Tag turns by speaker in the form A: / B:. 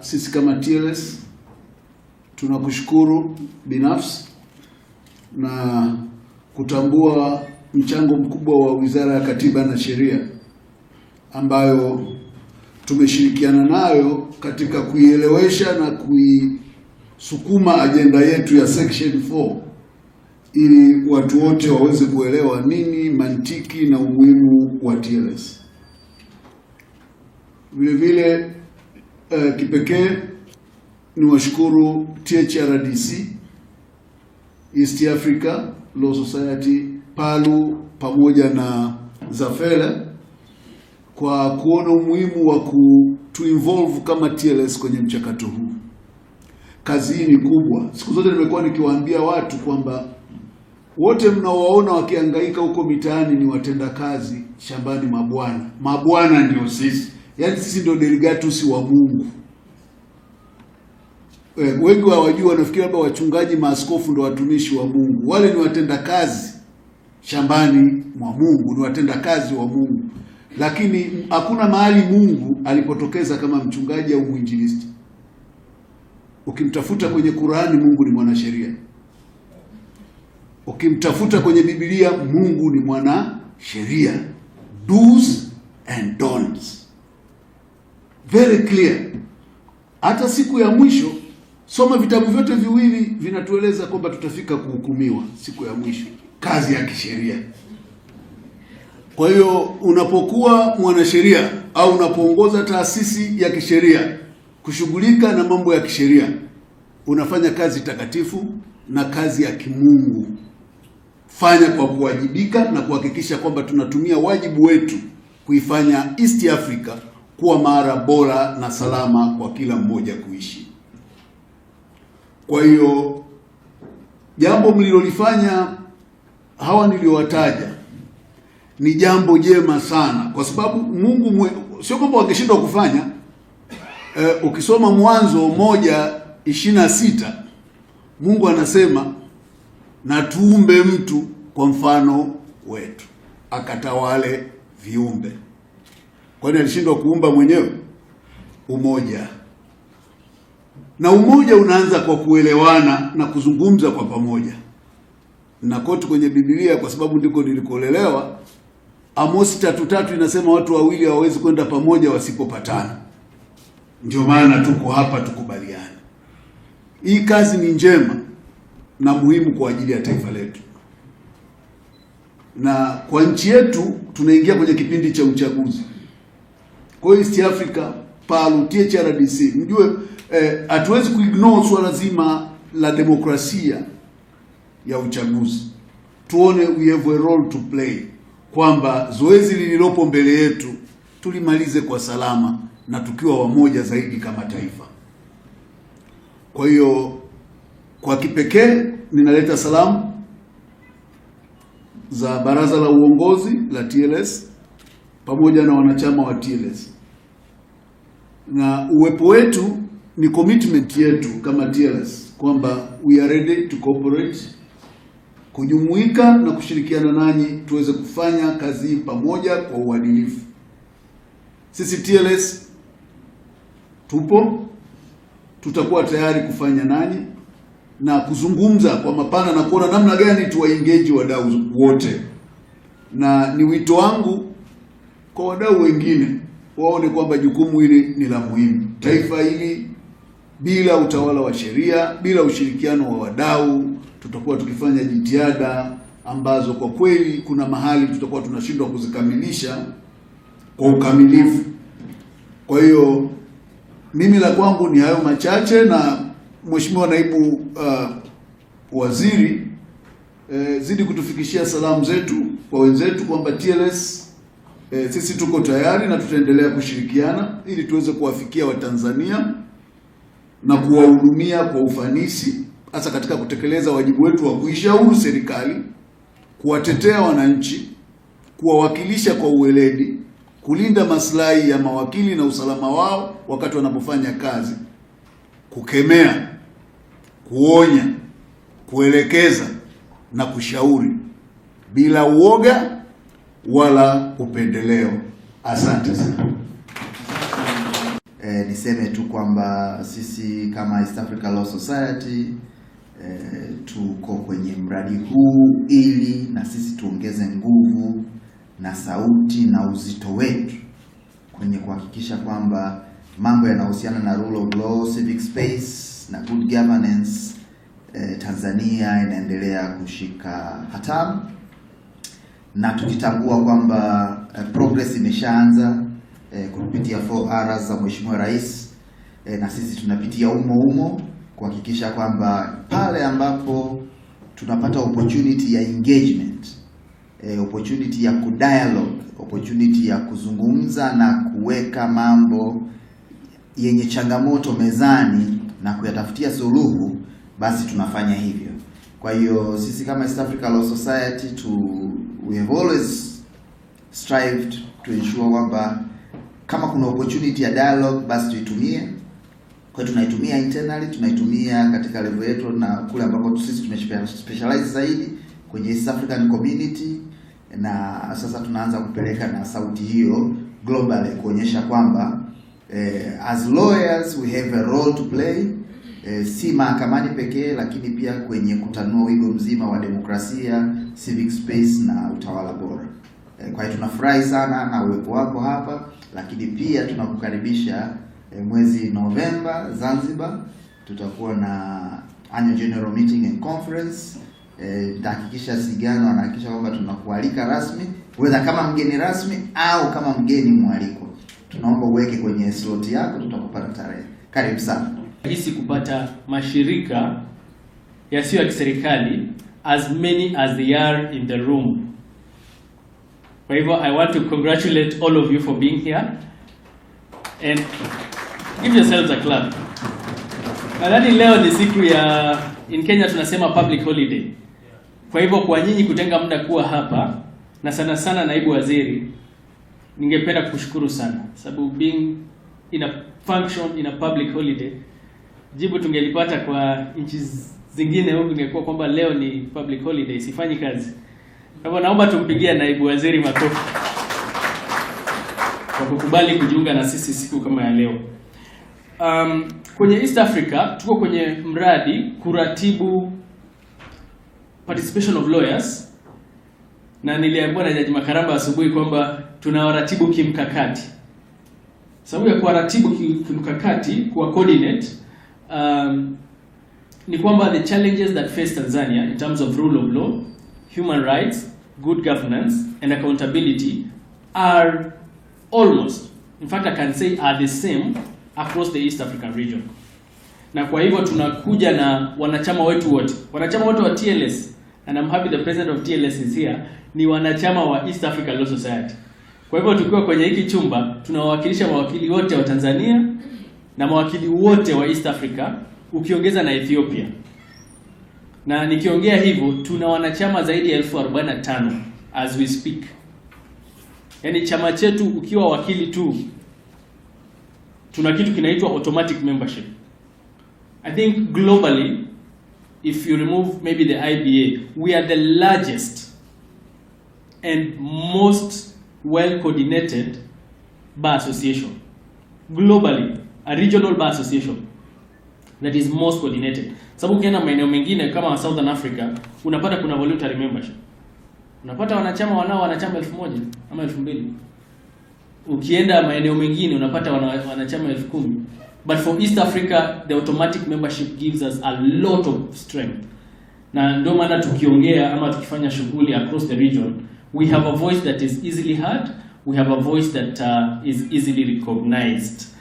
A: Sisi kama TLS tunakushukuru binafsi na kutambua mchango mkubwa wa Wizara ya Katiba na Sheria ambayo tumeshirikiana nayo katika kuielewesha na kuisukuma ajenda yetu ya section 4 ili watu wote waweze kuelewa nini mantiki na umuhimu wa TLS. Vile vile Uh, kipekee ni washukuru THRDC, East Africa Law Society, PALU pamoja na ZAFELA kwa kuona umuhimu wa kutuinvolve kama TLS kwenye mchakato huu. Kazi hii ni kubwa. Siku zote nimekuwa nikiwaambia watu kwamba wote mnaowaona wakihangaika huko mitaani ni watendakazi shambani mabwana Mabwana ndio sisi. Yaani sisi ndio delegatusi wa Mungu. Eh, wengi hawajui, wanafikiri labda wachungaji, maaskofu ndio watumishi wa Mungu. Wale ni watenda kazi shambani mwa Mungu, ni watenda kazi wa Mungu, lakini hakuna mahali Mungu alipotokeza kama mchungaji au mwinjilisti. Ukimtafuta kwenye Qur'ani, Mungu ni mwanasheria. Ukimtafuta kwenye Biblia, Mungu ni sheria, Do's and don'ts very clear. Hata siku ya mwisho, soma vitabu vyote viwili vinatueleza kwamba tutafika kuhukumiwa siku ya mwisho, kazi ya kisheria. Kwa hiyo unapokuwa mwanasheria au unapoongoza taasisi ya kisheria kushughulika na mambo ya kisheria, unafanya kazi takatifu na kazi ya kimungu. Fanya kwa kuwajibika na kuhakikisha kwamba tunatumia wajibu wetu kuifanya East Africa kuwa mara bora na salama kwa kila mmoja kuishi. Kwa hiyo jambo mlilolifanya hawa niliowataja ni jambo jema sana, kwa sababu Mungu mwe, sio kwamba wangeshindwa kufanya e, Ukisoma Mwanzo moja ishirini na sita Mungu anasema na tuumbe mtu kwa mfano wetu akatawale viumbe Kwani alishindwa kuumba mwenyewe? Umoja na umoja unaanza kwa kuelewana na kuzungumza kwa pamoja. Nakoti kwenye Biblia kwa sababu ndiko nilikolelewa. Amosi tatu tatu inasema watu wawili hawawezi kwenda pamoja wasipopatana. Ndio maana tuko hapa, tukubaliane. Hii kazi ni njema na muhimu kwa ajili ya taifa letu na kwa nchi yetu. Tunaingia kwenye kipindi cha uchaguzi kwa East Africa PALU, THRDC mjue eh, hatuwezi eh, kuignore swala zima la demokrasia ya uchaguzi. Tuone we have a role to play kwamba zoezi lililopo mbele yetu tulimalize kwa salama na tukiwa wamoja zaidi kama taifa. Kwa hiyo kwa kipekee ninaleta salamu za baraza la uongozi la TLS pamoja na wanachama wa TLS, na uwepo wetu ni commitment yetu kama TLS kwamba we are ready to cooperate, kujumuika na kushirikiana nanyi tuweze kufanya kazi pamoja kwa uadilifu. Sisi TLS tupo, tutakuwa tayari kufanya nanyi na kuzungumza kwa mapana na kuona namna gani tuwaengage wadau wote, na ni wito wangu kwa wadau wengine waone kwamba jukumu hili ni la muhimu. Taifa hili bila utawala wa sheria, bila ushirikiano wa wadau, tutakuwa tukifanya jitihada ambazo kwa kweli kuna mahali tutakuwa tunashindwa kuzikamilisha kwa ukamilifu. Kwa hiyo mimi la kwangu ni hayo machache, na Mheshimiwa Naibu uh, Waziri eh, zidi kutufikishia salamu zetu kwa wenzetu kwamba TLS E, sisi tuko tayari na tutaendelea kushirikiana ili tuweze kuwafikia Watanzania na kuwahudumia kwa ufanisi, hasa katika kutekeleza wajibu wetu wa kuishauri serikali, kuwatetea wananchi, kuwawakilisha kwa uweledi, kulinda maslahi ya mawakili na usalama wao wakati wanapofanya kazi, kukemea, kuonya, kuelekeza na kushauri bila uoga wala upendeleo. Asante sana.
B: E, niseme tu kwamba sisi kama East Africa Law Society e, tuko kwenye mradi huu ili na sisi tuongeze nguvu na sauti na uzito wetu kwenye kuhakikisha kwamba mambo yanayohusiana na rule of law, civic space na good governance eh, Tanzania inaendelea kushika hatamu na tukitambua kwamba eh, progress imeshaanza eh, kupitia 4R za Mheshimiwa Rais eh, na sisi tunapitia umo umo kuhakikisha kwamba pale ambapo tunapata opportunity ya engagement eh, opportunity ya kudialogue, opportunity ya kuzungumza na kuweka mambo yenye changamoto mezani na kuyatafutia suluhu, basi tunafanya hivyo. Kwa hiyo sisi kama East Africa Law Society tu we have always strived to ensure kwamba kama kuna opportunity ya dialogue basi tuitumie. Kwa tunaitumia internally, tunaitumia katika level yetu na kule ambako sisi tumespecialize zaidi kwenye East African community, na sasa tunaanza kupeleka na sauti hiyo globally kuonyesha kwamba eh, as lawyers we have a role to play e, si mahakamani pekee, lakini pia kwenye kutanua wigo mzima wa demokrasia, civic space na utawala bora. E, kwa hiyo tunafurahi sana na uwepo wako hapa, lakini pia tunakukaribisha e, mwezi Novemba Zanzibar tutakuwa na annual general meeting and conference. Nitahakikisha e, Sigano anahakikisha kwamba tunakualika rasmi, whether kama mgeni rasmi au kama mgeni mwaliko. Tunaomba uweke kwenye slot yako, tutakupa tarehe. Karibu sana
C: rahisi kupata mashirika yasiyo ya kiserikali as many as they are in the room. Kwa hivyo I want to congratulate all of you for being here and give yourselves a clap. Nadhani leo ni siku ya in Kenya tunasema public holiday. Kwa hivyo kwa nyinyi kutenga muda kuwa hapa na sana sana naibu waziri, ningependa kushukuru sana sababu being in a function in a public holiday jibu tungelipata kwa nchi zingine huku ingekuwa kwamba leo ni public holiday, sifanyi kazi. Kwa hivyo naomba tumpigie naibu waziri makofi kwa kukubali kujiunga na sisi siku kama ya leo. Um, kwenye East Africa tuko kwenye mradi kuratibu participation of lawyers, na niliambiwa na Jaji Makaramba asubuhi kwamba tunawaratibu kimkakati. Sababu ya kuwaratibu kimkakati, kuwa coordinate um, ni kwamba the challenges that face Tanzania in terms of rule of law, human rights, good governance and accountability are almost in fact I can say are the same across the East African region. Na kwa hivyo tunakuja na wanachama wetu wote, wanachama wote wa TLS and I'm happy the president of TLS is here, ni wanachama wa East Africa Law Society. Kwa hivyo tukiwa kwenye hiki chumba tunawawakilisha mawakili wote wa Tanzania na mawakili wote wa East Africa ukiongeza na Ethiopia. Na nikiongea hivyo tuna wanachama zaidi ya elfu arobaini na tano as we speak. Yaani chama chetu ukiwa wakili tu tuna kitu kinaitwa automatic membership. I think globally if you remove maybe the IBA we are the largest and most well coordinated bar association globally a regional bar association that is most coordinated, sababu ukienda maeneo mengine kama Southern Africa unapata kuna voluntary membership, unapata wanachama wanao wanachama elfu moja ama elfu mbili Ukienda maeneo mengine unapata wanachama elfu kumi but for East Africa the automatic membership gives us a lot of strength, na ndio maana tukiongea ama tukifanya shughuli across the region we have a voice that is easily heard, we have a voice that uh, is easily recognized.